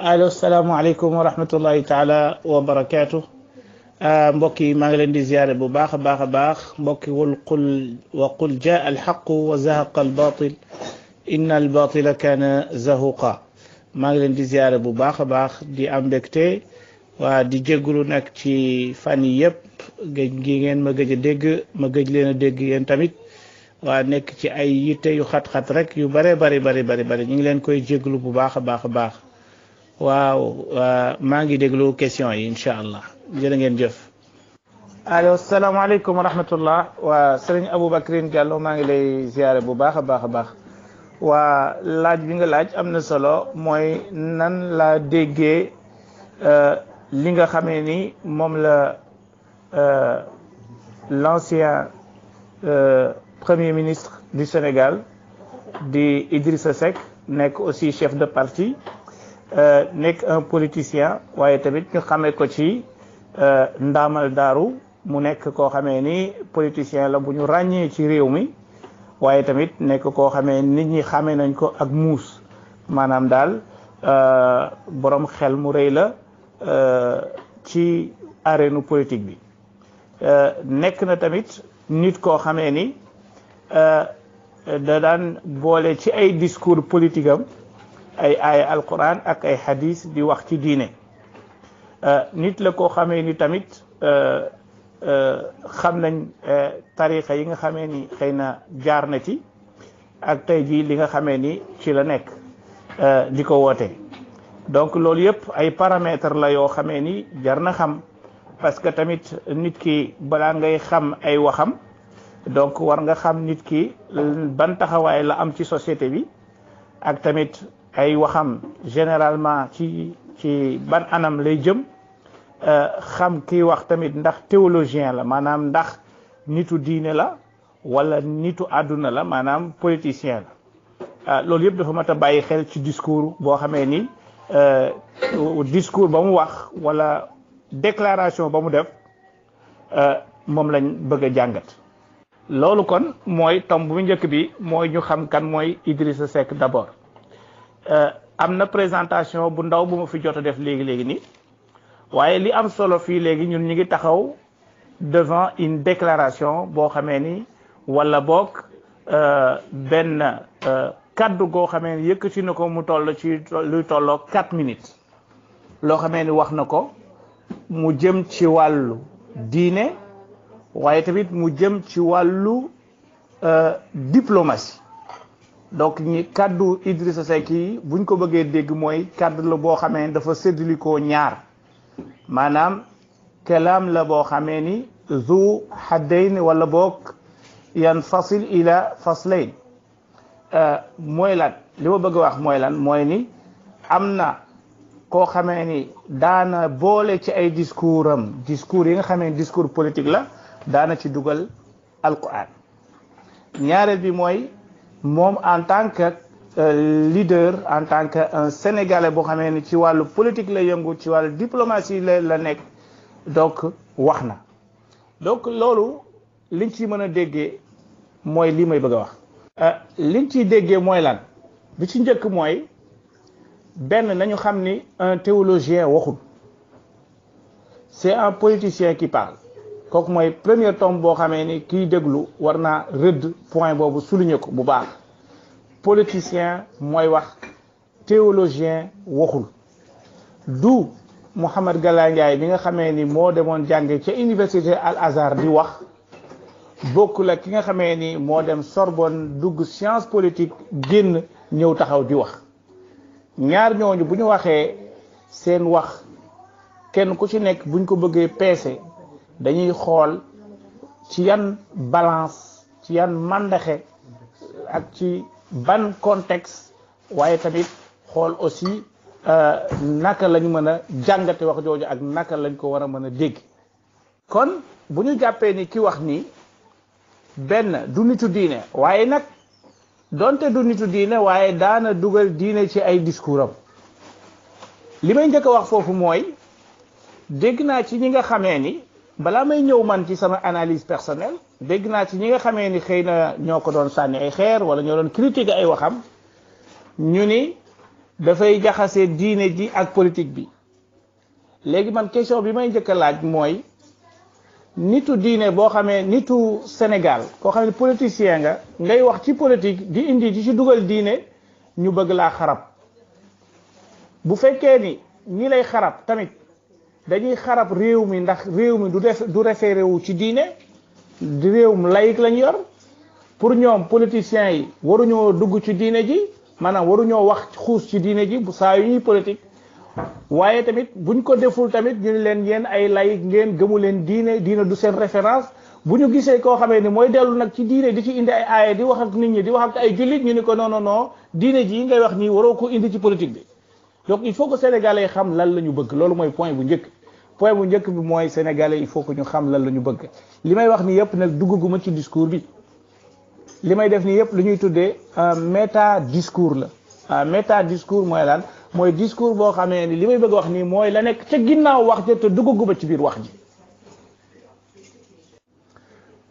allo salaamaaleykum wa rahmatullahi taala wa barakaatu mbokk yi maa ngi leen di ziare bu baax a baax a baax mbokk yi wal qul wa qul jaa alxaqu wa zahaqa albatil inna albatila kaana zahuqa maa ngi leen di ziare bu baax a baax di am mbégte waa di jégalu nag ci fan yi yëpp géej gi ngeen ma gëj a dégg ma gëj leen a dégg yéen tamit waa nekk ci ay yitte yu xat-xat rek yu bare bari bari bari bari ñu ngi leen koy jégalu bu baax a baax a baax. waaw maa ngi déglu question yi incha allah jërë ngeen jëf allo wa rahmatullah waa sëriñ alaikum maa ngi lay ziare bu wa bi nan la euh, li nga la euh, l'ancien euh, premier ministre du Sénégal di Idrissa Seck nekk aussi chef de parti Euh, nekk un politicien waaye tamit ñu xamee ko ci euh, ndaamal daaru mu nekk koo xamee ni politicien la bu ñu ràññee ci réew mi waaye tamit nekk koo xamee nit ñi xamee nañ ko ak muus maanaam daal euh, borom xel mu rëy la ci arène politique bi nekk na tamit nit koo xamee ni da daan boole ci ay discours politique am ay aaya alquran ak ay xadis di wax ci diine nit la koo xamee ni tamit xam nañ tarixa yi nga xamee ni xëy na jaar na ci ak tey jii li nga xamee ni ci la nekk di ko woote donc loolu yëpp ay paramètres la yoo xamee ni jar na xam parce que tamit nit ki balaa ngay xam ay waxam donc war nga xam nit ki ban taxawaay la am ci société bi ak tamit ay waxam généralement ci ci ban anam lay jëm euh, xam ki wax tamit ndax théologien la manam ndax nitu diine la wala nitu aduna la manam politicien la euh, loolu yëpp dafa mata bayyi xel ci discours bo xamé ni euh, discours ba wax wala déclaration ba mu def mom lañ bëgg jangat jàngat kon moy tomb bu ñëk bi moy ñu xam kan moy Idrissa Seck d'abord Euh, am na présentation bu ndaw bu ma fi jot a def léegi léegi nii waaye li am solo fii léegi ñun ñu ngi taxaw devant une déclaration boo xamee ni wala boog euh, benn euh, kaddu goo xamee ni yëkkati na ko mu toll ci luy tolloo quatre minutes loo xamee ni wax na ko mu jëm ci wàllu diine waaye tamit mu jëm ci wàllu diplomatie. donc ñi kàddu Idrissa Seck yi buñ ko bëggee dégg mooy kàddu la boo xamee ni dafa séddilikoo ñaar maanaam kalaam la boo xamee ni zu xaddayn wala boog yan fasil ila faslayn euh, mooy lan li ma bëgg wax mooy lan mooy ni am na koo xamee ni daana boole ci ay discours am discours yi nga xamee ni discours politique la daana ci dugal alquran ñaareel bi mooy en tant que euh, leader en tant que sénégalais suis politique la diplomatie donc waxna donc lolu euh, liñ ciy mëna déggé moy li may bëgg lan bi ci un théologien c'est un politicien qui parle kooku mooy premier tome boo xamee ni kiy déglu war naa rëdd point boobu souligner ko bu baax politicien mooy wax théologien waxul du Mouhamed Galangay bi nga xamee ni moo demoon jànge ca université Al Azhar di wax bokk la ki nga xamee ni moo dem Sorbonne dugg science politique génn ñëw taxaw di wax ñaar ñooñu bu ñu waxee seen wax kenn ku ci nekk buñ ko bëggee peese dañuy xool ci yan balance ci yan màndaxe ak ci ban contexte waaye tamit xool aussi euh, naka lañu mën a jàngate wax jooju ak naka lañ ko war a mën a dégg kon bu ñu jàppee ni ki wax ni benn du nitu diine waaye nag donte du nitu diine waaye daana dugal diine ci ay discours am li may njëkk a wax foofu mooy dégg naa ci ñi nga xamee ni bala may ñëw man ci sama analyse personnelle dégg naa ci ñi nga xamee ni xëy na ñoo ko doon sànni ay xeer wala ñoo doon critiquer ay waxam ñu ni dafay jaxase diine ji ak politique bi léegi man question bi may njëkk a laaj mooy nitu diine boo xamee nitu Sénégal koo xam ne politicien nga ngay wax ci politique di indi di ci dugal diine ñu bëgg laa xarab bu fekkee ni ñi lay xarab tamit dañuy xarab réew mi ndax réew mi du def du référé wu ci diine di réewum laïc lañ yor pour ñoom politiciens yi waruñoo dugg ci diine ji maanaam waruñoo wax xuus ci diine ji bu saa yu ñuy politique waaye tamit buñ ko deful tamit ñu ne leen yéen ay laïc ngeen gëmu leen diine diine du seen référence bu ñu gisee koo xamee ni mooy dellu nag ci diine di ci indi ay aaya di wax ak nit ñi di wax ak ay jullit ñu ni ko non non non diine ji ngay wax nii waroo ko indi ci politique bi donc il faut que sénégalais xam lan la ñu bëgg loolu mooy point bu njëkk point bu njëkk bi mooy sénégalais il faut que ñu xam lan la ñu bëgg li may wax nii yëpp nag duggaguma ci discours bi li may def nii yëpp lu ñuy tuddee euh, méta discours la ah euh, méta discours mooy lan mooy discours boo xamee ni li may bëgg wax nii mooy la nekk ca ginnaaw wax ja te duggaguma ci biir wax ji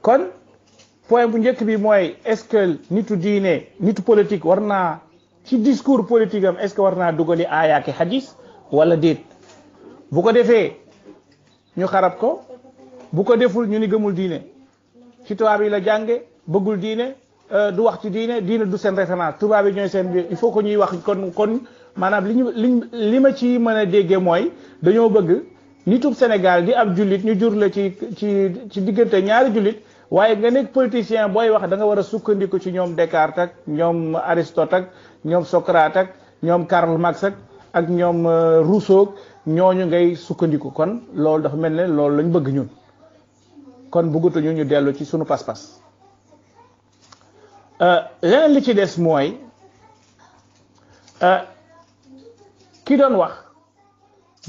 kon point bu njëkk bi mooy est-ce nitu diine nitu politique war naa ci discours politique am est-ce que war naa dugali aayaaki hadis wala déet bu ko defee. ñu xarab ko bu ko deful ñu ni gëmul diine ci tubaab yi la jànge bëggul diine euh, du wax ci diine diine du seen référence tubaab yi ñooy seen il faut que ñuy wax kon kon maanaam li ñu liñ li ma ci mën a déggee mooy dañoo bëgg nitub Sénégal di ab jullit ñu jur la ci ci ci diggante ñaari jullit waaye nga nekk politicien booy wax da nga war a sukkandiku ci ñoom Descartes ak ñoom Aristote ak ñoom Socrate ak ñoom Karl Marx ak ñoom euh, Rousseau ñooñu ngay sukkandiku kon loolu dafa mel ne loolu lañ bëgg ñun kon bëggatuñu ñu dellu ci suñu pas-pas euh, leneen li ci des mooy euh, ki doon wax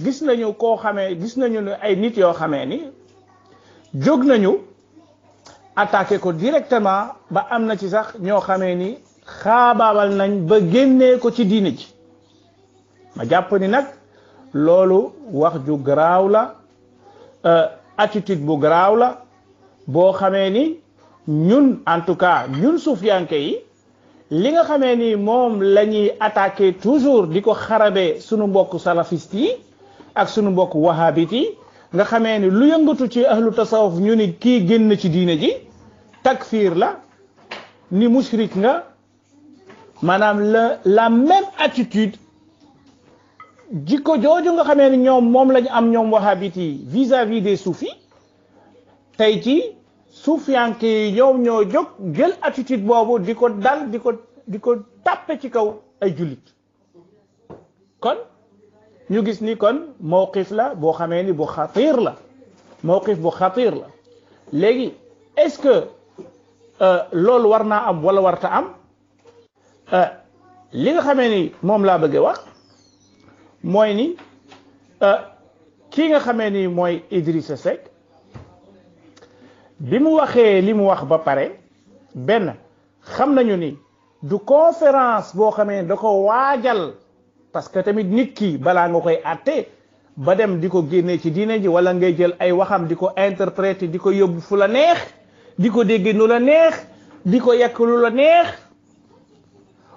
gis nañu koo xamee gis nañu ne ay nit yoo xamee ni jóg nañu attaqué ko directement ba am na ci sax ñoo xamee ni xaabaabal nañ ba génnee ko ci diine ji ma jàpp ni nag loolu wax ju garaaw la euh, attitude bu garaaw la boo xamee ni ñun en tout cas ñun suufiyanke yi li nga xamee ni moom lañuy ñuy attaqué toujours di ko xarabe sunu mbokk salafiste yi ak sunu mbokk wahabit yi nga xamee ni lu yëngatu ci ahlu tasawuf ñu ni kii génn ci diina ji takfir la ni mushrik nga maanaam la la même attitude jikko jooju nga xamee ni ñoom moom lañu am ñoom wahabit yi vis-à-vis des soufis tey ci suufiyanke yi ñoom ñoo jóg jël attitude boobu di ko dal di ko di ko tàppe ci kaw ay jullit kon ñu gis ni kon mawqif la boo xamee ni bu xatir la mawqif bu xatir la léegi est-ce que euh, loolu war naa am wala warta am euh, li nga xamee ni moom laa bëgg wax mooy ni euh, kii nga xamee ni mooy Idrissa Seck bi mu waxee li mu wax ba pare benn xam nañu ni du conférence boo xamee da ko waajal parce que tamit nit ki balaa nga koy àtte ba dem di ko génnee ci diine ji wala ngay jël ay waxam di ko interpréter di ko yóbbu fu la neex di ko dégg nu la neex di ko yekk lu la neex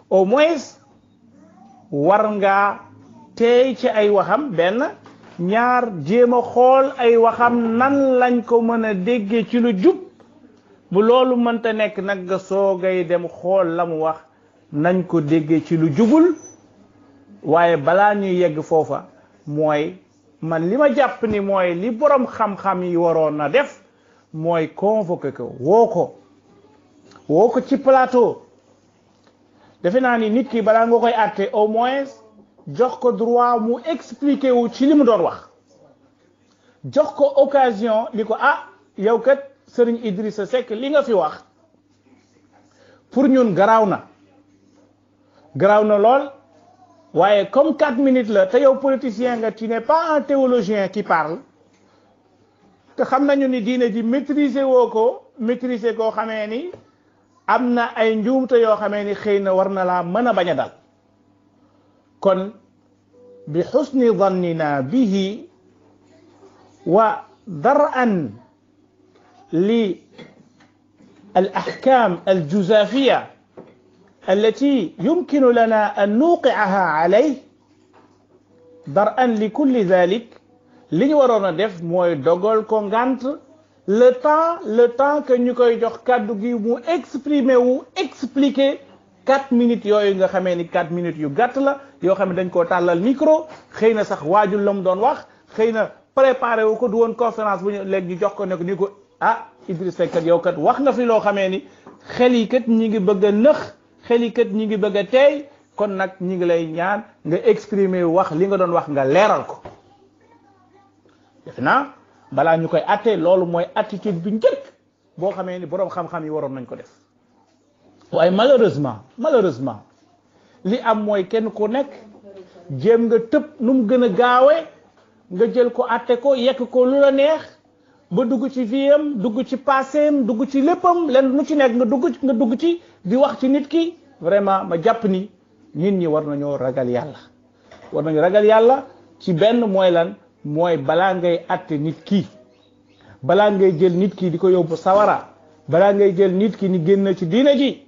au moins war ngaa teey ci ay waxam benn ñaar jéem a xool ay waxam nan lañ ko mën a déggee ci lu jub bu loolu mënta nekk nag nga soogay dem xool la mu wax nañ ko déggee ci lu jubul waaye balaa ñuy yegg foofa mooy man li ma jàpp ni mooy li boroom xam-xam yi waroon na def mooy convoqué ko woo ko woo ko ci plateau defe naa nit ki balaa nga koy àtte au moins jox ko droit mu expliquer wu ci li doon wax jox ko occasion li ah yow kat Serigne Idrissa Seck li nga fi wax pour ñun grawna grawna garaaw na lool comme quatre minutes la te yow politicien nga tu n'es pas un théologien qui parle te xam nañu ni diine ji maîtriser woo ko maîtriser ko xamé ni amna na ay njuumte yo xamé ni xeyna na war na dal كن بحسن ظننا به وذرعا للاحكام الجزافيه التي يمكن لنا ان نوقعها عليه درءا لكل ذلك لن ورانا ديف موي دوغول كونغانت le temps le temps que ñukoy jox kaddu gi mu exprimer wu expliquer 4 minutes yoy nga xamé ni 4 minutes yu gatt la yo xamé dañ ko talal micro xeyna sax waajul lam doon wax xeyna préparé wu ko du won conférence bu ñu jox ko ne ko ni ko ah Idriss Seck yow kat wax nga fi lo xamé ni xel yi kat ñi ngi bëgg a xel yi kat ñi ngi bëgg tay kon nak ñi ngi lay ñaan nga exprimer wax li nga doon wax nga léral ko defna bala balaa atté lolu moy attitude bu ñëk bo xamé ni borom xam-xam yi waron nañ ko def waaye malheureusement malheureusement li am mooy kenn ku nekk jéem nga tëb nu mu gën a gaawee nga jël ko àtte ko yekk ko lu la neex ba dugg ci viam dugg ci passéem dugg ci léppam lenn lu ci nekk nga dugg nga dugg ci di wax ci nit ki vraiment ma jàpp ni nit ñi war nañoo ragal yàlla war nañu ragal yàlla ci benn mooy lan mooy balaa ngay àtte nit ki balaa ngay jël nit ki di ko yóbbu sawara balaa ngay jël nit ki ni génn ci diina ji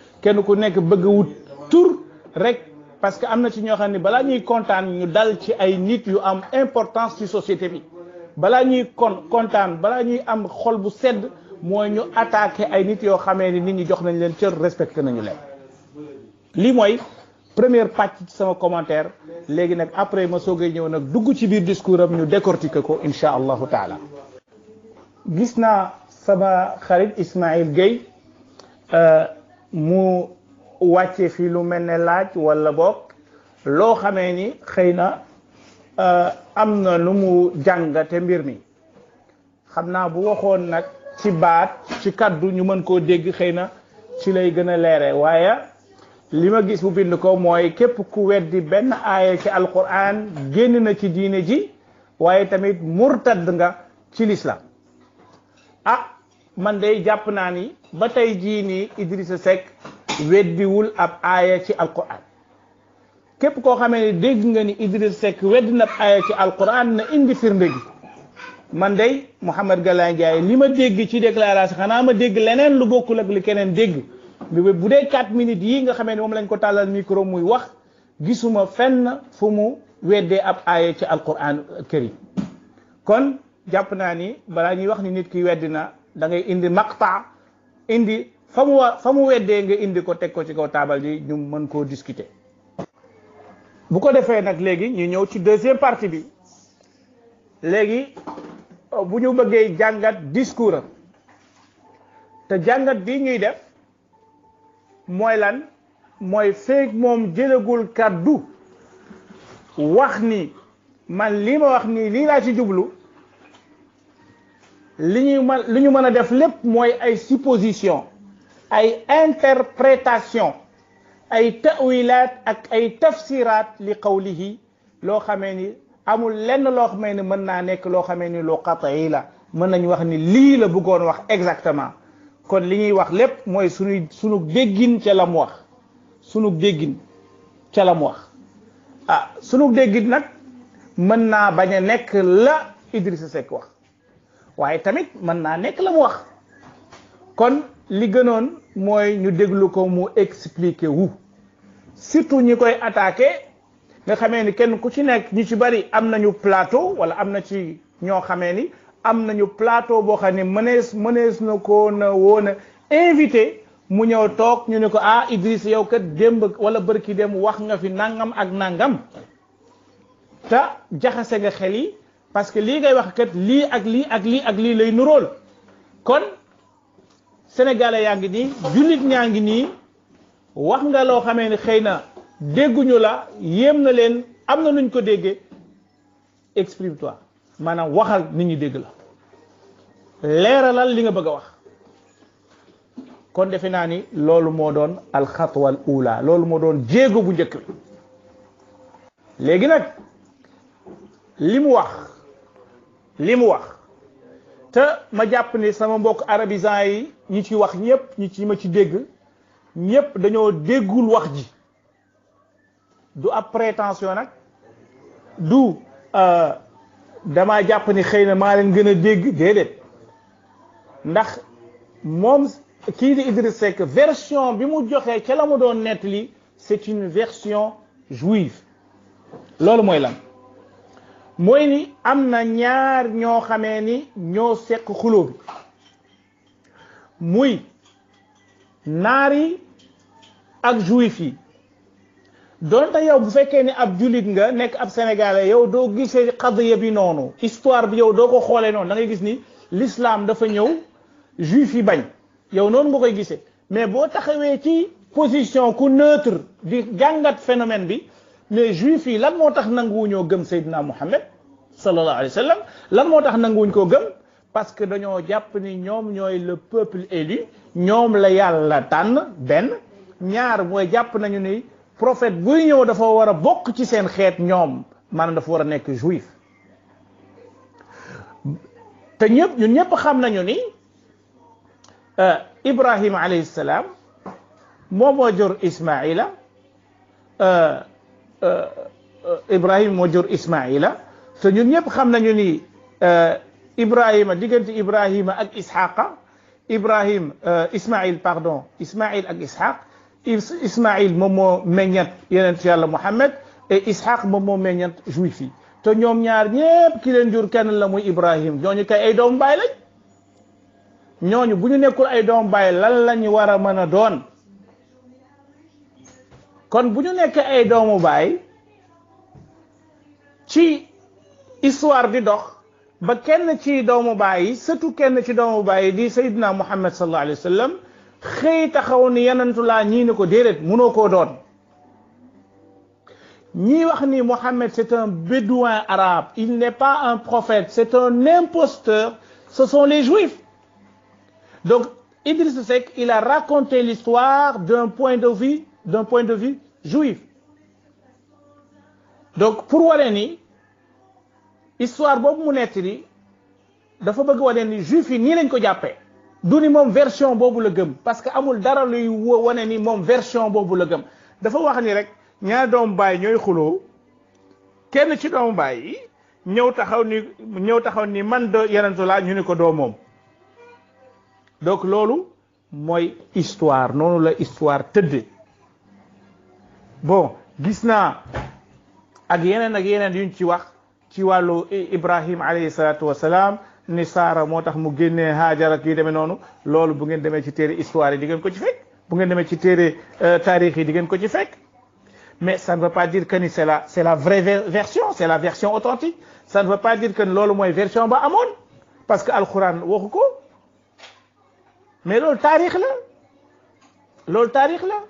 kenn ku nekk bëgg wut tur rek parce que am na ci ñoo xam ne balaa ñuy kontaan ñu dal ci ay nit yu am importance ci société bi balaa ñuy kon kontaan balaa ñuy am xol bu sedd mooy ñu attaqué ay nit yoo xamee ni nit ñi jox nañ leen cër respecté nañu leen lii mooy première pàcc ci sama commentaire léegi nag après ma soogay ñëw nag dugg ci biir discours am ñu décortiquer ko incha allahu taala gis naa sama xarit Ismaïl Gueye euh, mu wàcce fi lu mel ni laaj wala bokk loo xamee ni xëy na euh, am na lu mu jàngate mbir mi xam naa bu waxoon nag ci baat ci kaddu ñu mën koo dégg xëy na ci lay gën a leere waaye li ma gis bu bind ko mooy képp ku weddi benn aaya ci alquran génn na ci diine ji waaye tamit murtad nga ci lislaam ah man day jàpp naa ni ba tey jii nii Idrissa Seck weddiwul ab aaya ci alquran képp koo xamee ne dégg nga ni Idrissa Seck weddi na ab aaya ci alquran na indi firnde gi man day Mouhamed Galaye Ndiaye li ma dégg ci déclaration xanaa ma dégg leneen lu bokkul ak li keneen dégg bi bu dee 4 minutes yi nga xamee ne moom lañ ko tàllal micro muy wax gisuma fenn fu mu weddee ab aaya ci alquran karim kon jàpp naa ni balaa ñuy wax ni nit ki weddi na da ngay indi maqta indi fa mu wa fa mu weddee nga indi ko teg ko ci kaw taabal ji ñu mën koo discuter bu ko defee nag léegi ñu ñëw ci deuxième partie bi léegi euh, bu ñu bëggee jàngat discours am te jàngat bi ñuy def mooy lan mooy feeg moom jëlagul kàddu wax ni man lii ma wax nii lii laa ci jublu li ñuy mën li ñu mën a def lépp mooy ay supposition ay interprétation ay tawilaat ak ay tafsiraat li qawlihi loo xamee ni amul lenn loo xamee ni mën naa nekk loo xamee loo lu qat'i la mën nañu wax ni lii la bëggoon wax exactement kon li ñuy wax lépp mooy suñuy sunu déggin ca la mu wax sunu déggin ca la mu wax ah sunu déggin nag mën naa bañ a nekk la Idrissa Seck wax waaye tamit mën naa nekk la mu wax kon li gënoon mooy ñu déglu ko mu expliqué wu surtout ñi koy attaqué nga xamee ni kenn ku ci nekk ñi ci bari am nañu plateau wala am na ci ñoo xamee ni am nañu plateau boo xam ne mënees mënees na ko na woon a invité mu ñëw toog ñu ne ko ah Idriss yow kat démb wala bërki dem wax nga fi nangam ak nangam te jaxase nga xel yi parce que lii ngay wax kat lii ak lii ak lii ak lii lay nuróol kon sénégalais yaa ngi nii jullit ñaa ngi nii wax nga loo xamee ne xëy na dégguñu la yéem na leen am na nuñ ko déggee exprime toi maanaam waxal nit ñi dégg la leeralal li nga bëgg a wax kon defe naa ni loolu moo doon alxatwa al ula loolu moo doon jéego bu njëkk bi léegi nag li mu wax limu wax te ma japp ne sama mbokk yi ñi ci wax ñepp ñi ci ma ci dégg ñepp dañoo déggul wax ji du ab prétention du euh, dama ni leen dégg version bi mu la doon c'est une version juive lolu moy lan moy ni amna ñaar ño xamé ni ño sék xulo bi muy nari ak juif yi donte yow bu fekkee ni ab julit nga nek ab sénégalais yow do gisee qadiya bi nonu histoire bi yow do ko xolé non da ngay gis ni l'islam dafa ñëw juif yi bañ yow non nga koy gisee mais bo taxawé ci position ku neutre di jàngat phénomène bi mais juif yi lan motax tax ñoo gëm Seydina Mohamed sallallahu alayhi wa lan moo tax nanguwuñ koo gën parce que dañoo jàpp ni ñoom ñooy le peuple élu ñoom la yàlla tànn benn ñaar mooy jàpp nañu ni prophète buy ñëw dafa war a bokk ci seen xeet ñoom maanaam dafa war a nekk juif te ñëpp ñun ñëpp xam nañu ni euh, Ibrahima alayhi salaam moom moo jur Ismaila euh, euh, ibrahim moo jur Ismaila te ñun ñëpp xam nañu ni euh, Ibrahima diggante Ibrahima ak Isxaqa Ibrahim euh, Ismaïl pardon Ismaïl ak Isxaq Ismaïl moom moo meññat yonent yàlla Muhammad et Isxaq moom moo meññat juif yi te ñoom ñaar ñëpp ki leen jur kenn la muy Ibrahim ñooñu kay ay doomu baay ñooñu bu ñu nekkul ay doomu baay lan la ñu war a mën a doon kon bu ñu nekkee ay doomu baay histoire di dox ba kenn ci doomu bàyyi surtout kenn ci doomu bàyyi di sayidina muhammad sallallahu alayhi wasallam sallam taxaw ni yenentu ne ko dedet doon wax ni c'est un bédouin arabe il n'est pas un prophète c'est un imposteur ce sont les juifs donc Idriss Seck il a raconté l'histoire d'un point de vue d'un point de vue juif donc pour histoire bobu mu netti dafa bëgg ni juif lañ ko version bobu la gëm parce que amul dara luy ni version bobu la gëm dafa wax ni rek ñaar doom bay ñoy xulo kenn ci doom bay yi taxaw ni taxaw ni man ko do mom donc lolu moy histoire nonu la histoire bon gis na ak yenen ak yuñ ci walu ibrahim alayhi salaatu wasalaam ni sara motax tax mu génnee haajara kii demé nonu lolou bu ngeen demé ci téré histoire di ngeen ko ci fekk bu ngeen demé ci téré tarikh yi di ngeen ko ci fekk mais ça ne veut pas dire que ni c'est la c'est la vraie version c'est la version authentique ça ne veut pas dire que lolou moy version ba amone parce que alquran waxuko mais lolou tarikh la lolou tarikh la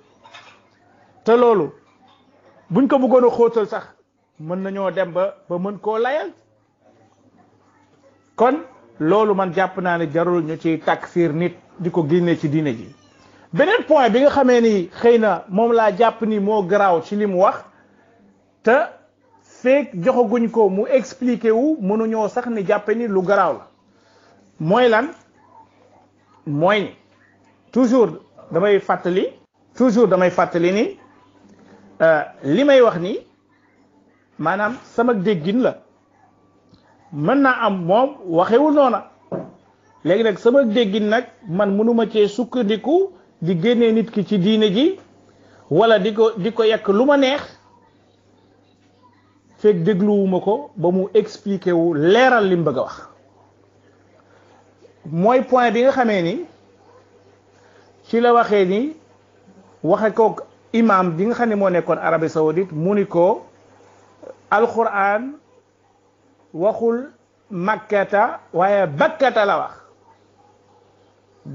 te lolou buñ ko bëggono xóotal sax mën nañoo dem ba ba mën koo layal kon loolu man jàpp naa ne jarul ñu ciy takfir nit di ko génne ci diine ji beneen point bi nga xamee ni xëy na moom laa jàpp ni moo garaaw ci li mu wax te feek joxaguñ ko mu expliqué wu mënuñoo sax ni jàppe ni lu garaaw la mooy lan mooy ni toujours damay fàttali toujours damay fàttali ni euh, li may wax ni maanaam sama déggin la mën naa am moom waxewul noona léegi nag sama déggin nag man mënuma ci sukkandiku di génne nit ki ci diine ji wala di ko di ko yekk lu ma neex fekk dégluwuma ko ba mu expliqué wu leeral lim mu bëgg a wax mooy point bi nga xamee ni ci la waxee ni waxe kook imam bi nga xam ne moo nekkoon Arabie Saoudite mu ni ko alquran waxul makkata waaye bakkata la wax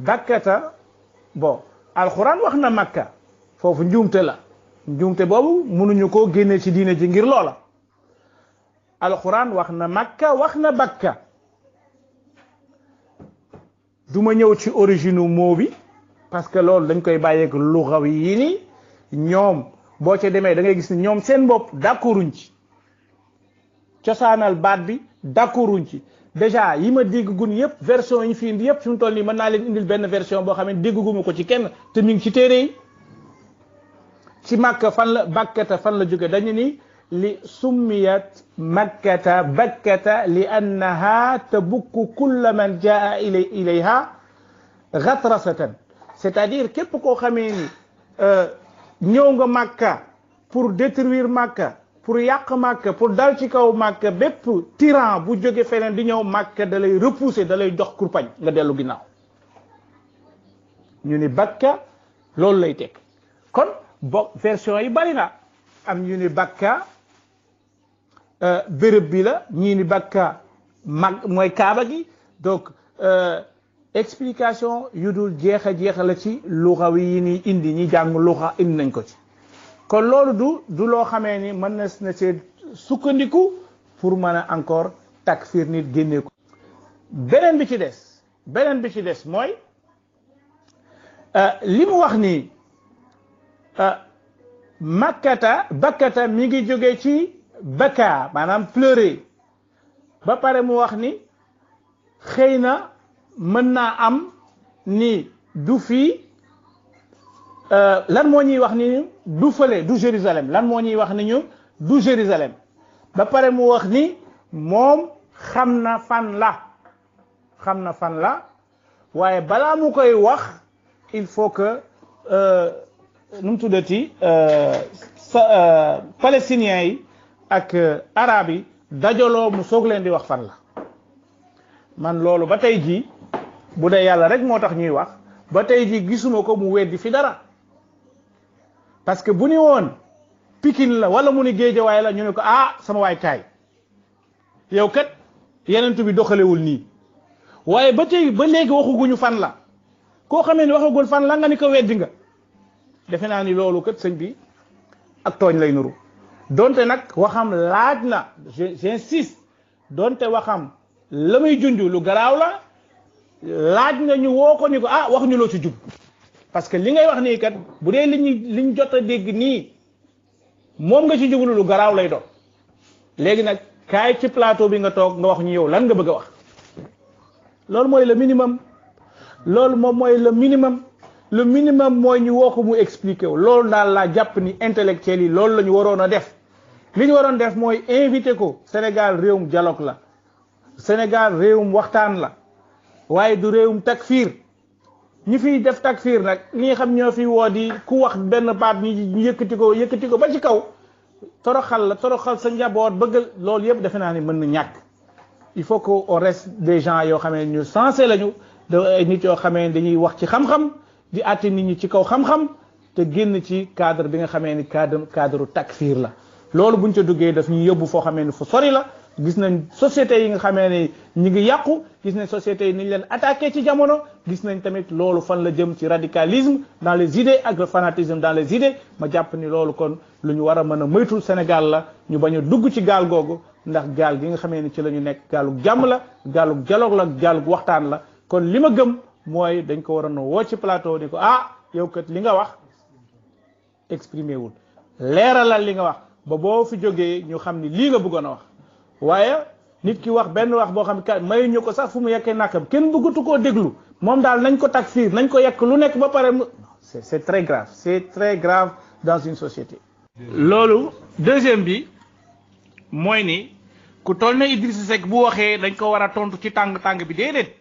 bakkata bon alquran wax na makka foofu njuumte la njuumte boobu mënuñu koo génne ci diine ji ngir loola alquran wax na makka wax na bakka du ma ñëw ci origine mot bi parce que loolu dañ koy bàyyeeg luxaw yi ni ñoom boo ca demee da ngay gis ni ñoom seen bopp d'accorduñ ci cosaanal baat bi dakuruñ ci déjà yi ma dégg gun yëpp version yi fi indi yëpp fi mu toll nii mën naa leen indil benn version boo xam ne dégguma ko ci kenn te mi ngi ci téere yi ci màkka fan la bakkata fan la jóge dañu ni li summiyat makkata bakkata li annaha tabukku kull man jaa ilay ilayha ghatrasatan c'est-à-dire képp koo xamee ni ñëw nga màkka pour détruire màkka pour yàq màkk pour dal ci kaw màkk bépp tyran bu jóge feneen di ñëw màkk da lay repousser da lay jox kurpañ nga dellu ginnaaw ñu ni bakka loolu lay teg kon bo version yi bari na am ñu ni bakka euh, béréb bi la ñii ni bakka mag mooy kaaba gi donc euh, explication yu dul jeex a jeex la ci luxa wi yi ni indi ñi jàng luxa indi nañ ko ci kon loolu du du loo xamee ni mën na cee sukkandiku pour mën a encore takfir nit génnee ko beneen bi ci des beneen bi ci des mooy euh, li mu wax nii euh, makkata bakkata mi ngi jóge ci bakka maanaam pleurer ba pare mu wax ni xëy na mën naa am ni du fii Euh, lan moo ñuy wax ni ñu du fële du Jérusalem lan moo ñuy wax ni ñu du Jérusalem ba pare mu wax ni moom xam na fan la xam na fan la waaye balaa mu koy wax il faut que euh, nu mu tuddati euh, sa palestiniens yi ak arab yi dajaloo mu soog leen di wax fan la man loolu ba tey jii bu dee yàlla rek moo tax ñuy wax ba tey jii gisuma ko mu weddi fi dara parce que bu ni woon Pikine la wala mu ni Géejawaay la ñu ne ko ah sama waay kaay yow kat yenentu bi doxalewul nii waaye ba tey ba léegi waxaguñu fan la koo xamee ni waxagul fan la nga ni ko weddi nga defe naa ni loolu kat sëñ bi ak tooñ lay nuru donte nag waxam laaj na j'insiste donte waxam la muy junj lu garaaw la laaj na ñu woo ko ni ko ah wax ñu loo ci jub parce que li ngay wax nii kat bu dee li ñu li ñu jot a dégg nii moom nga ci jublu lu garaaw lay doon léegi nag kaay ci plateau bi nga toog nga wax ñu yow lan nga bëgg a wax loolu mooy le minimum loolu moom mooy la minimum le minimum mooy ñu woo ko mu expliqué wu loolu daal laa jàpp ni intellectuel yi loolu lañu waroon a def li ñu waroon def mooy invité ko Sénégal réewum dialogue la Sénégal réewum waxtaan la waaye du réewum takfir ñi fiy def takfir nag ñi xam ñoo fi woo di ku wax benn baat ñi yëkkati ko yëkkati ko ba ci kaw toroxal la toroxal sa njaboot bëgg loolu yëpp defe naa ni mën na ñàkk il faut que on reste des gens yoo xam ne ñu sancé lañu da ay nit yoo xamee dañuy wax ci xam-xam di àtte nit ñi ci kaw xam-xam te génn ci cadre bi nga xamee ni cadre cadre takfir la loolu buñ ca duggee daf ñu yóbbu foo xamee ni fu sori la gis nañ société yi nga xamee ne ñi ngi yàqu gis nañ société yi ni ñu leen attaqué ci jamono gis nañ tamit loolu fan la jëm ci radicalisme dans les idées ak le fanatisme dans les idées ma jàpp ni loolu kon lu ñu war a mën a moytul Sénégal la ñu bañ a dugg ci gaal googu ndax gaal gi nga xamee ni ci la ñu nekk gaalu jàmm la gaalu dialogue la gaalu waxtaan la kon li ma gëm mooy dañ ko war a woo ci plateau ni ko ah yow kat li nga wax exprimé wul leeralal li nga wax ba boo fi jógee ñu xam ni lii nga bëggoon a wax. waaye nit ki wax ben wax bo xam ne ñuko sax fu mu yekkee nàkkam kenn bëggatu ko déglu mom daal nañ ko taxir nañ ko yekk lu nekk ba paré c'est c'est très grave c'est très grave dans une société. lolu deuxième bi moy ni ku toll na Idrissa Seck bu waxé dañ ko wara tontu ci tang tang bi déedéet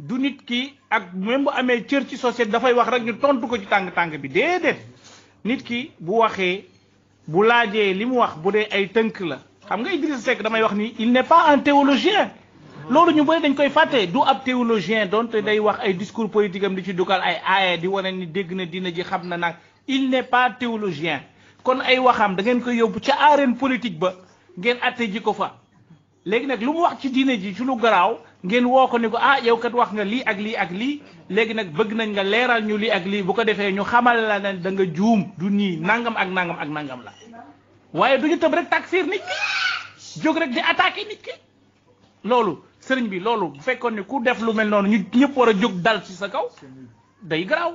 du nit ki ak même bu amee cër ci société dafay wax rek ñu tontu ko ci tang tang bi déedéet nit ki bu waxé bu laajee limu wax bu ay teunk la. xam nga Idriss Seck damay wax ni il n'est pas un théologien lolu ñu bari dañ koy faté du ab théologien donte day wax ay discours politique am li ci dugal ay ay di wone ni dégg na dina ji xam na nak il n'est pas théologien kon ay waxam da ngeen koy yobbu ci arène politique ba ngeen atté ji ko fa légui nak lu mu wax ci dina ji ci lu graw ngeen wo ko ni ko ah yow kat wax nga li ak li ak li légui nak bëgg nañ nga léral ñu li ak li bu ko défé ñu xamal la ne da nga joom du ni nangam ak nangam ak nangam la waaye du ñu tëb rek taksiir nit ki jóg rek di attaqué nit ki loolu sëriñ bi loolu bu fekkoon ne ku def lu mel noonu ñu ñëpp war a jóg dal ci sa kaw day garaaw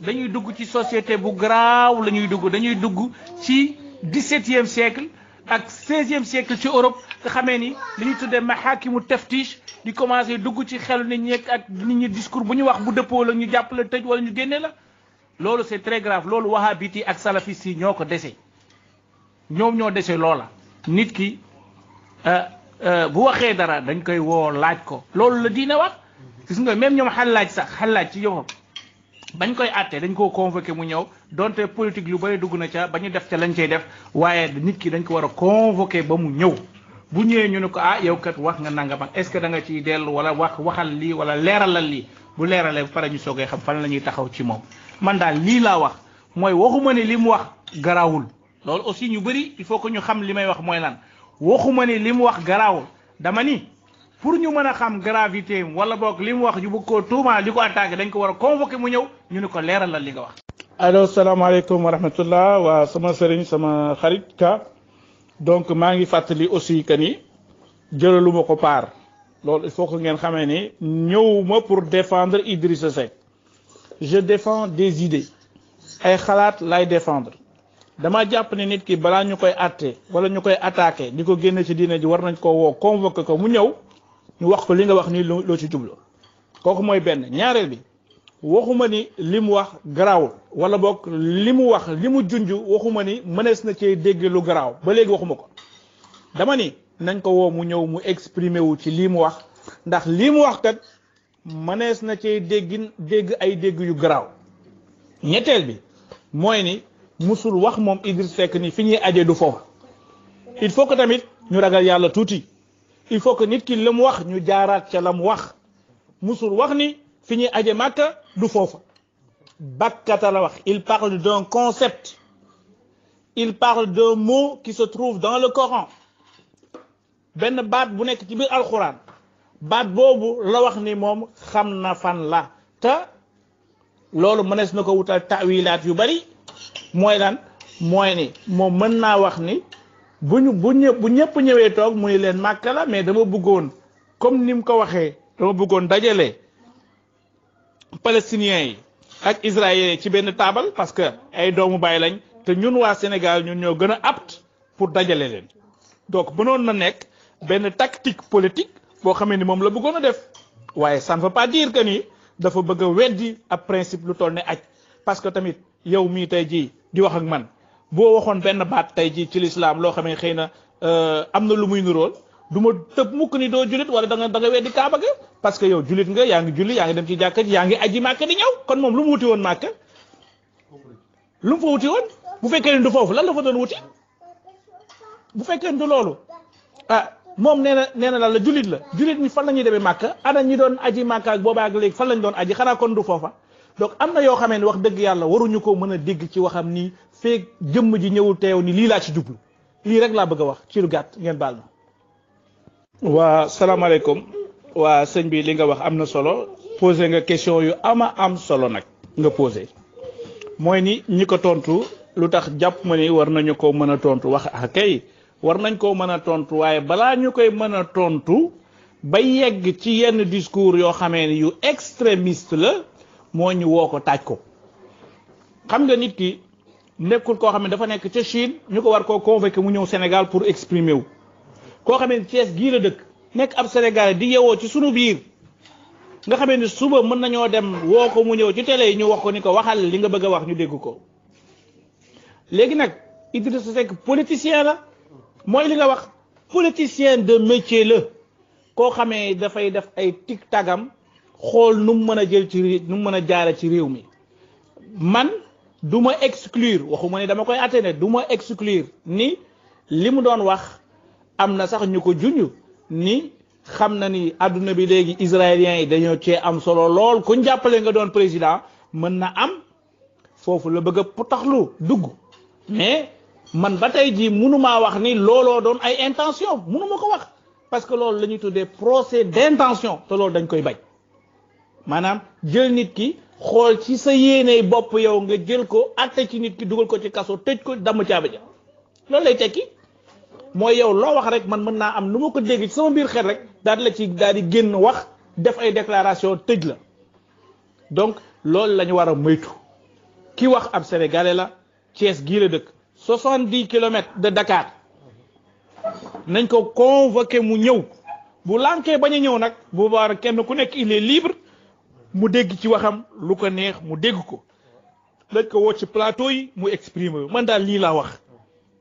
dañuy dugg ci société bu graaw la ñuy dugg dañuy dugg ci dix-septième siècle ak seizième siècle ci Europe nga xamee ni li ñuy tuddee mahakimu teftiche di commencé dugg ci xel nit ñi ak nit ñi discours bu ñu wax bu dëppoo la ñu jàppale tëj wala ñu génne la loolu c'est très grave loolu wahabiti ak salafiste yi ñoo ko dese. ñoom ñoo dese loola nit ki euh, euh, bu waxee dara dañ koy woo laaj ko loolu la diine wax gis nga même ñoom laaj sax xal laaj ci yow bañ koy àttee dañ koo convoqué mu ñëw donte politique lu bari dugg na ca ba ñu def ca lañ cay def waaye nit ki dañ ko war a convoqué ba mu ñëw bu ñëwee ñu ne ko ah yow kat wax nga nangam ak est-ce que da nga ciy dellu wala wax waxal lii wala leeralal lii bu leeralee ba pare ñu soogee xam fan la taxaw ci moom man daal lii laa wax mooy waxuma ne li mu wax garaawul loolu aussi ñu bari il faut que ñu xam limay wax moy lan waxuma ni li wax graw dama ni pour ñu mëna xam gravité wala bok li wax ñu bu ko tuumaal liko attaquer dañ ko wara convoquer mu ñew ñu ni ko la li nga wax. allo salaamaaleykum wa rahmatullah wa sama serigne sama kharit ka donc ma ngi fatali aussi kani jëraluma ko par loolu il faut que ngeen xamé ni ñëwuma pour défendre Idrissa Seck je défends des idées ay xalaat lay défendre. dama jàpp ne nit ki balaa ñu koy àtte wala ñu koy attaqué di ko génne ci diine ji war nañ koo woo convoqué ko mu ñëw ñu wax ko li nga wax nii loo ci jublu kooku mooy benn ñaareel bi waxuma ni li mu wax garaawul wala boog li mu wax li mu junj waxuma ni mënees na cee dégg lu garaaw ba léegi waxuma ko dama ni nañ ko woo mu ñëw mu exprimer wu ci lii mu wax ndax lii mu wax kat mënees na cee dégg dégg ay dégg yu garaaw ñetteel bi mooy ni. musul wax mom Idriss Seck ni fini adje du il faut que tamit ñu ragal yalla tuti. il faut que nit ki lam wax ñu jaaraat wax musul wax ni fiñi adje aje du foofa bakkata la wax il parle d'un concept il parle d'un mot qui se trouve dans le Coran Ben baat bu nek ci Quran. Bad baat bobu la wax ni mom xamna fan la Ta, lolu manes nako wutal ta'wilat yu bari mooy lan mooy ni moom mën naa wax ni bu ñu bu ñë ñëpp ñëwee toog mu ni leen màkka la mais dama bëggoon comme ni mu ko waxee dama bëggoon dajale palestiniens yi ak israéliens ci benn taabal parce que ay doomu baay lañ te ñun waa Sénégal ñun ñoo gën a apt pour dajale leen donc mënoon na nekk benn tactique politique boo xamee ni moom la bëggoon a def waaye ça ne veut pas dire dafa bëgg a weddi ab principe lu toll ne aj parce que tamit yow mii tey jii di wax ak man boo waxoon benn baat tey jii ci lislaam loo xam xëy na euh, am na lu muy nuróol du ma tëb mukk ni doo julit wala da nga da di weddi kaaba ga parce que yow julit nga yaa ngi julli yaa ngi dem ci jàkka ji yaa ngi aji màkk di ñëw kon moom lu mu wuti woon màkk lu mu fa wuti woon bu fekkee ne du foofu lan la fa doon wuti bu fekkee ne du loolu ah moom nee na nee na lan la julit la julit ñi fan la ñuy demee màkk ana ñi doon aji màkk ak boobaag fan lañ doon aji xanaa kon du foofa donc amna yo xamene wax deug yalla waruñu ko mën a dégg ci waxam ni feeg jëm ji ñewul teew ni li la ci djublu li rek la bëgg wax ci lu gatt ngeen baal wa salam alaykum wa señ bi li nga wax amna solo poser nga question yu ama am solo nak nga poser moy ni ñiko tontu lutax japp ma ni war nañu ko mën tontu wax akay ah, war nañ ko mën tontu waye bala ñukoy koy tontu ba yegg ci yenn discours yo xamee ni yu extrémiste la moo ñu woo ko taaj ko xam nga nit ki nekkul koo xam ne dafa nekk ca Chine ñu ko war koo convoqué mu ñëw Sénégal pour exprimer wu koo xam ne Thiès gii la dëkk nekk ab Sénégalais di yewoo ci sunu biir nga xamee ne suba mën nañoo dem woo ko mu ñëw ci télé yi ñu wax ko ni ko waxal li nga bëgg a wax ñu dégg ko léegi nag Idrissa Seck politicien la mooy li nga wax politicien de métier la koo xamee dafay def ay tig tagam xol nu mu jël ci nu mu mën ci réew mi man duma ma exclure waxuma ni dama koy atténé duma exclure ni limu mu doon wax amna sax ñuko juñu ni xamna ni aduna bi légui israélien yi dañoo ci am solo lool kuñ jappalé nga doon président mën na am fofu la bëgg pu taxlu dugg mais man ba tey jii mënumaa wax ni looloo doon ay intention mënuma ko wax parce que loolu la tuddé procès d'intention te loolu dañ koy bañ maanaam jël nit ki xool ci sa yéeney bopp yow nga jël ko atte ci nit ki dugal ko ci kaso tëj ko damm caabi ja loolu lay tekki mooy yow loo wax rek man mën naa am nu ma ko dégg ci sama biir xel rek daal la ci daal di génn wax def ay déclaration tëj la donc loolu lañu ñu war a moytu ki wax ab sénégalais la Thiès gii la dëkk soixante di kilomètres de Dakar nañ ko convoqué mu ñëw bu lànkee bañ a ñëw nag bu boobaa kenn ku nekk il est libre mu dégg ci waxam lu ko neex mu dégg ko dañ ko woo ci plateau yi mu exprimer man daal lii laa wax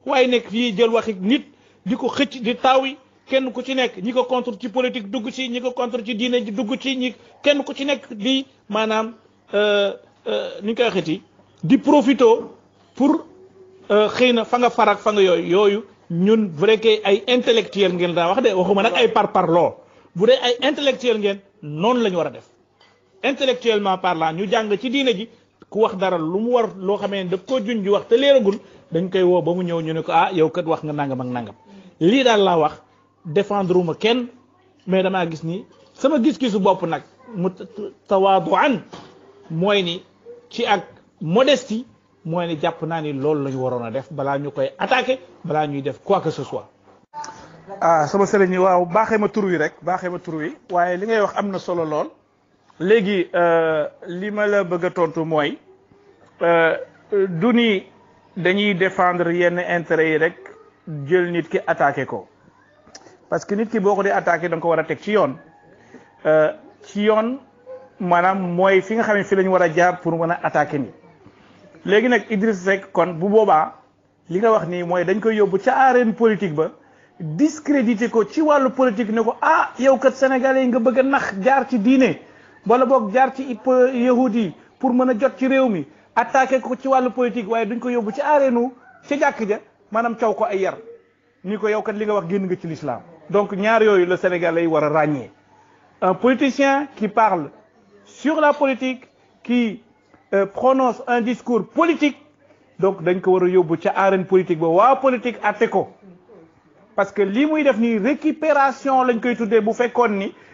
waaye nekk fii jël waxi nit di ko xëcc di taaw yi kenn ku ci nekk ñi ko contre ci politique dugg ci ñi ko contre ci diine ji dugg ci ñi kenn ku ci nekk lii maanaam euh, euh, ni ñu koy waxeeti di profité pour euh, xëy na fa nga farak fa nga yooyu yooyu ñun vrai que ay intellectuel ngeen daa wax de waxuma nag ay par par parloo bu dee ay intellectuel ngeen noonu la ñu war a def. intellectuellement parlant ñu jang ci diiné ji ku wax dara lu mu war loo xamee daf koo junj wax té léragul dañ koy wo ba mu ñëw ñu ne ko ah yow kat wax nga nangam ak nangam li dal la wax défendre kenn mais dama gis ni sama gis-gisu bop nak mu tawaadu ni ci ak modestie moy ni japp na ni lool lañu warona def bala ñukoy attaquer bala ñuy def quoi que ce soit ah sama sëriñ waaw baxé ma tur wi rek baxé ma tur wi waye li ngay wax amna solo lool léegi euh, li ma la bëgg a tontu mooy euh, du ni dañuy défendre yenn intérêt yi rek jël nit ki attaqué ko parce que nit ki boo ko dee attaqué da ko war a teg ci yoon euh, ci yoon maanaam mooy fi nga xam ne fi lañu ñu war a jaar pour mën a attaqué ni léegi nag Idriss Seck kon bu boobaa li nga wax nii mooy dañ koy yóbbu ca arène politique ba discrédité ko ci wàllu politique ne ko ah yow kat sénégalais yi nga bëgg a nax jaar ci diine. wala bok jaar ci euh, yahudi yi pour mën jot ci réew mi attaqué ko ci walu politique waye duñ ko yobbu ci arénu ca jàkk ja manam caw ko ay yar ni ko yow kat li nga wax genn nga ci l'islam donc ñaar yoyu le Sénégalais wara ragné un politicien qui parle sur la politique qui euh, prononce un discours politique donc dañ ko wara yobbu ci arène politique ba wa politique atté ko parce que li muy def ni récupération lañ koy tuddé bu fekkone ni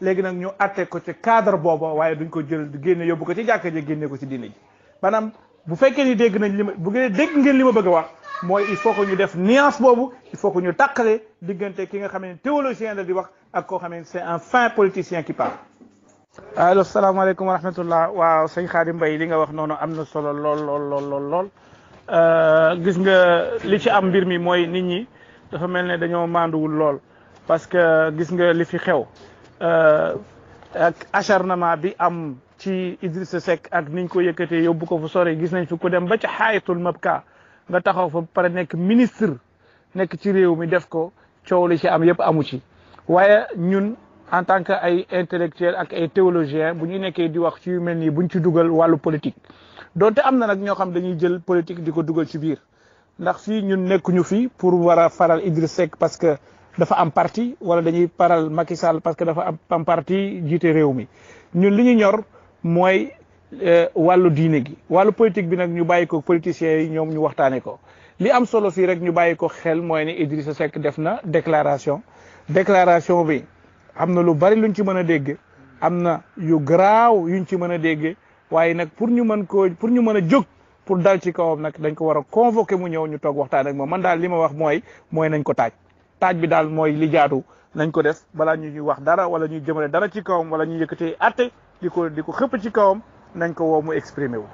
léegi nak ñu atte ko ci cadre booba waye duñ ko jël génne yobbu ko ci jàkka ji génne ko ci diiné ji manam bu féké ni dégg nañ li bu ngeen dégg ngeen lima bëgg wax moy il faut ko ñu def nuance bobu il faut ko ñu tàqale digënté ki nga xam théologien la di wax ak ko xam c'est un fin politicien qui parle. allo alaykum wa rahmatullah wa sëñ khadim Mbay li nga wax nono amna solo lol lol lol lol euh gis nga li ci am mbir mi moy nit ñi dafa mel ne dañoo maanduwul lol parce que gis nga li fi xew. Euh, ak acharnement bi am ci Idrissa Seck ak niñ ko yëkkatee yóbbu ko fu sore gis nañ fi ko dem ba ci xaayatul mabka nga taxaw fa pare nekk ministre nekk ci réew mi def ko coow li ci am yëpp amu ci waaye ñun en tant que ay intellectuel ak ay théologien bu ñu nekkee di wax ci yu mel nii buñ ci dugal wàllu politique donte am na nag ñoo xam dañuy jël politique di ko dugal ci biir ndax fii ñun nekkuñu fi pour war a faral Idrissa Seck parce que dafa am parti wala dañuy paral Macky parce que dafa am parti jiite réew mi ñun li ñu ñor mooy euh, wàllu diine gi wàllu politique bi nag ñu bàyyi ko politiciens yi ñoom ñu waxtaanee ko li am solo fii rek ñu bàyyi ko xel mooy ne Idrissa Seck def na déclaration déclaration bi am na lu bari luñ ci mën a dégg am na yu garaaw yuñ ci mën a dégg waaye nag pour ñu mën koo pour ñu mën a jóg pour dal ci kawam nag dañ ko war a convoqué mu ñëw ñu toog waxtaan ak moom man daal li ma wax mooy mooy nañ ko taaj. taaj bi daal mooy li jaadu nañ ko def balaa ñu ñuy wax dara wala ñuy jëmale dara ci kawam wala ñuy yëkkatee atte di ko di ko xëpp ci kawam nañ ko woo mu exprimer wu.